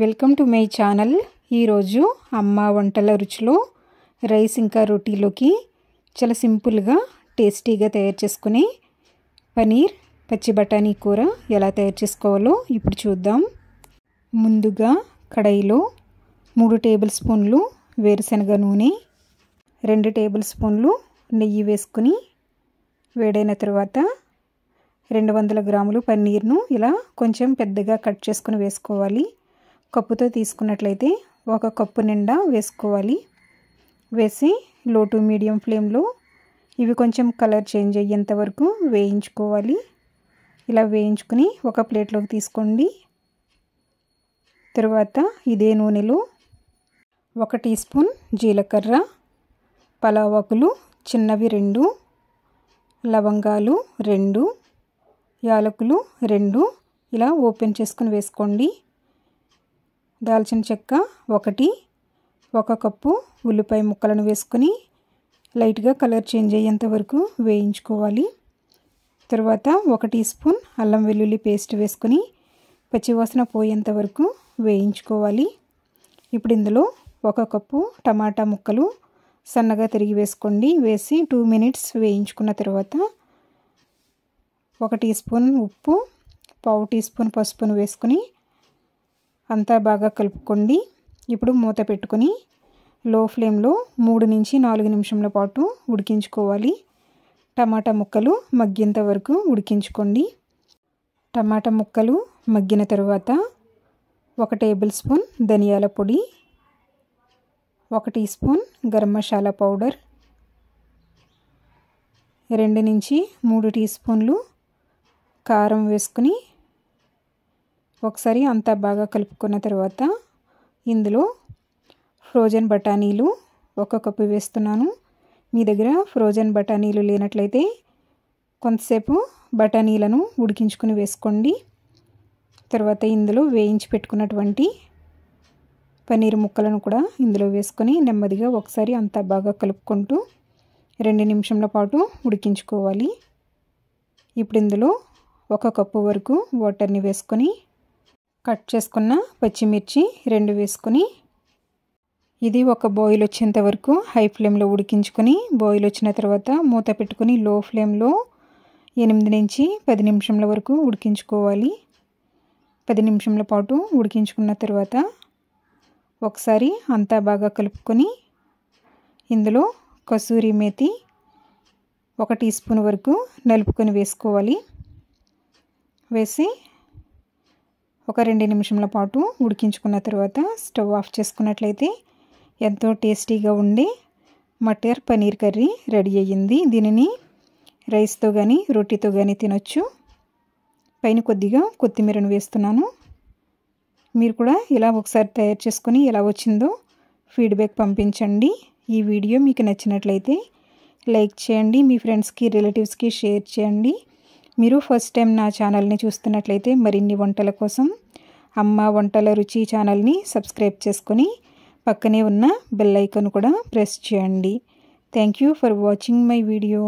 welcome to my channel ఈరోజు అమ్మ వంటల రుచిలో రైస్ ఇంకా రొటీలోకి చాలా సింపుల్గా టేస్టీగా తయారు చేసుకుని పనీర్ పచ్చి బఠానీ కూర ఎలా తయారు చేసుకోవాలో ఇప్పుడు చూద్దాం ముందుగా కడాయిలో మూడు టేబుల్ స్పూన్లు వేరుశనగ నూనె రెండు టేబుల్ స్పూన్లు నెయ్యి వేసుకుని వేడైన తర్వాత రెండు వందల గ్రాములు పన్నీర్ను ఇలా కొంచెం పెద్దగా కట్ చేసుకుని వేసుకోవాలి కప్పుతో తీసుకున్నట్లయితే ఒక కప్పు నిండా వేసుకోవాలి వేసి లో టు మీడియం ఫ్లేమ్లో ఇవి కొంచెం కలర్ చేంజ్ అయ్యేంత వరకు వేయించుకోవాలి ఇలా వేయించుకుని ఒక ప్లేట్లోకి తీసుకోండి తర్వాత ఇదే నూనెలో ఒక టీ స్పూన్ జీలకర్ర పలావాకులు చిన్నవి రెండు లవంగాలు రెండు యాలకులు రెండు ఇలా ఓపెన్ చేసుకుని వేసుకోండి దాల్చిన చెక్క ఒకటి ఒక కప్పు ఉల్లిపాయ ముక్కలను వేసుకొని లైట్గా కలర్ చేంజ్ అయ్యేంత వరకు వేయించుకోవాలి తర్వాత ఒక టీ స్పూన్ అల్లం వెల్లుల్లి పేస్ట్ వేసుకొని పచ్చివాసన పోయేంత వరకు వేయించుకోవాలి ఇప్పుడు ఇందులో ఒక కప్పు టమాటా ముక్కలు సన్నగా తిరిగి వేసుకోండి వేసి టూ మినిట్స్ వేయించుకున్న తర్వాత ఒక టీ స్పూన్ ఉప్పు పావు టీ స్పూన్ పసుపును వేసుకుని అంతా బాగా కలుపుకోండి ఇప్పుడు మూత పెట్టుకొని లో ఫ్లేమ్లో మూడు నుంచి నాలుగు నిమిషంల పాటు ఉడికించుకోవాలి టమాటా ముక్కలు మగ్గేంత వరకు ఉడికించుకోండి టమాటా ముక్కలు మగ్గిన తర్వాత ఒక టేబుల్ స్పూన్ ధనియాల పొడి ఒక teaspoon garam masala powder రెండు నుంచి మూడు టీ స్పూన్లు కారం వేసుకుని ఒకసారి అంతా బాగా కలుపుకున్న తర్వాత ఇందులో ఫ్రోజన్ బఠానీలు ఒక కప్పు వేస్తున్నాను మీ దగ్గర ఫ్రోజన్ బఠానీలు లేనట్లయితే కొంతసేపు బఠానీలను ఉడికించుకుని వేసుకోండి తర్వాత ఇందులో వేయించి పెట్టుకున్నటువంటి పన్నీర్ ముక్కలను కూడా ఇందులో వేసుకొని నెమ్మదిగా ఒకసారి అంతా బాగా కలుపుకుంటూ రెండు నిమిషంల పాటు ఉడికించుకోవాలి ఇప్పుడు ఇందులో ఒక కప్పు వరకు వాటర్ని వేసుకొని కట్ చేసుకున్న పచ్చిమిర్చి రెండు వేసుకొని ఇది ఒక బాయిల్ వచ్చేంత వరకు హై ఫ్లేమ్లో ఉడికించుకొని బాయిల్ వచ్చిన తర్వాత మూత పెట్టుకుని లో ఫ్లేమ్లో ఎనిమిది నుంచి పది నిమిషంల వరకు ఉడికించుకోవాలి పది నిమిషంల పాటు ఉడికించుకున్న తర్వాత ఒకసారి అంతా బాగా కలుపుకొని ఇందులో కసూరి మేతి ఒక టీ స్పూన్ వరకు నలుపుకొని వేసుకోవాలి వేసి ఒక రెండు నిమిషంల పాటు ఉడికించుకున్న తర్వాత స్టవ్ ఆఫ్ చేసుకున్నట్లయితే ఎంతో టేస్టీగా ఉండే మటర్ పనీర్ కర్రీ రెడీ అయ్యింది దీనిని రైస్తో కానీ రొట్టెతో కానీ తినొచ్చు పైన కొద్దిగా కొత్తిమీరను వేస్తున్నాను మీరు కూడా ఇలా ఒకసారి తయారు చేసుకొని ఎలా వచ్చిందో ఫీడ్బ్యాక్ పంపించండి ఈ వీడియో మీకు నచ్చినట్లయితే లైక్ చేయండి మీ ఫ్రెండ్స్కి రిలేటివ్స్కి షేర్ చేయండి మీరు ఫస్ట్ టైం నా ఛానల్ని చూస్తున్నట్లయితే మరిన్ని వంటల కోసం అమ్మ వంటల రుచి ఛానల్ని సబ్స్క్రైబ్ చేసుకొని పక్కనే ఉన్న బెల్ ఐకన్ కూడా ప్రెస్ చేయండి thank you for watching my video